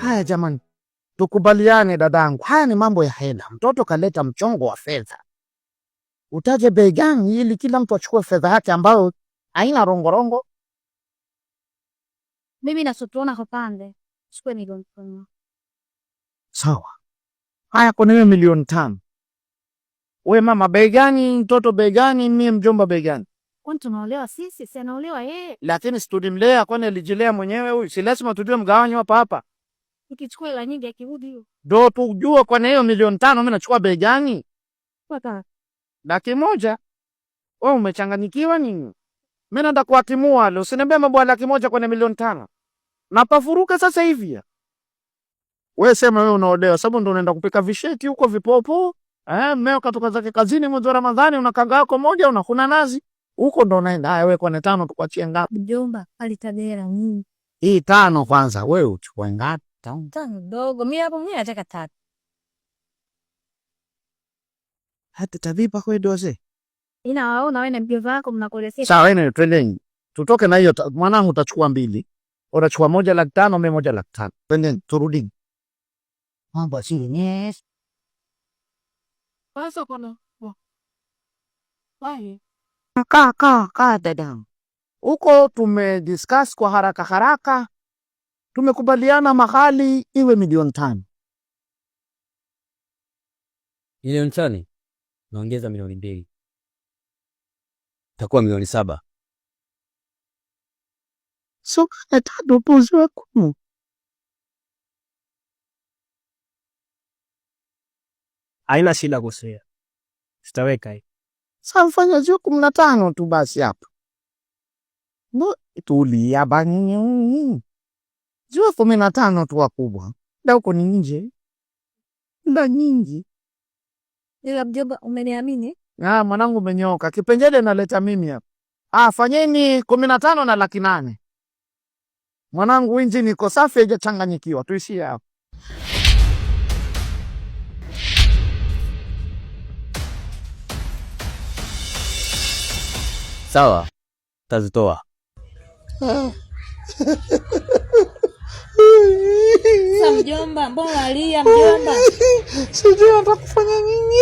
Haya jamani, tukubaliane dadangu, haya ni mambo ya hela. Mtoto kaleta mchongo wa fedha, utaje bei gani ili kila mtu achukue fedha yake ambayo haina rongorongo? Mimi nasotona kapande chukue milioni tano. Sawa, haya kwa nini milioni tano? We mama bei gani? Mtoto bei gani? Mie mjomba bei gani? Kwani tunaolewa sisi? Si anaolewa yeye, lakini situdimlea, kwani alijilea mwenyewe huyu. Si lazima tujue mgawanyo hapa hapa. Ukichukua hela nyingi akirudi hiyo. Ndio tujue kwa nini hiyo milioni tano mimi nachukua bei gani? Kaka. Laki moja. Wewe umechanganyikiwa nini? Mimi naenda kuatimua leo. Usiniambie mambo ya laki moja kwa milioni tano. Napafuruka sasa hivi. Wewe sema wewe unaodewa sababu ndio unaenda kupika visheti huko vipopo. Eh, mmeo katoka zake kazini mwezi wa Ramadhani una kanga yako moja unakuna nazi. Huko ndo unaenda. Haya wewe kwenye tano tukuachie ngapi? Mjomba, pale tabia hii tano kwanza wewe uchukue ngapi? Tangu dogo mimi hapo mwenyewe nataka tatu. Hata tavipa kwa doze. Ina waona wewe na mke wako mnakolesea. Sawa, wewe twendeni. Tutoke na hiyo mwanangu, utachukua mbili. Unachukua moja laki tano, mimi moja laki tano. Twendeni turudi. Mambo si yenyewe. Pasa kono. Wapi? Kaa kaa kaa dadangu. Huko tumediscuss kwa haraka haraka tumekubaliana mahali iwe milioni tano. Milioni tano naongeza milioni mbili, takuwa milioni saba. So atado pozi wako aina shida kusea, sitaweka samfanya ziwe zio kumi na tano tu basi, hapo tulia bani ziwe kumi na tano tu wakubwa, da huko ni nje da nyingi. Ila mjomba, umeniamini ah, mwanangu umenyoka. Kipengele naleta mimi hapa. Ah, fanyeni kumi na tano na laki nane mwanangu, inji niko safi, haijachanganyikiwa. Tuishie hapo. Sawa, tazitoa ah. Sasa mjomba, mbona unalia mjomba? Sijui nataka kufanya nini.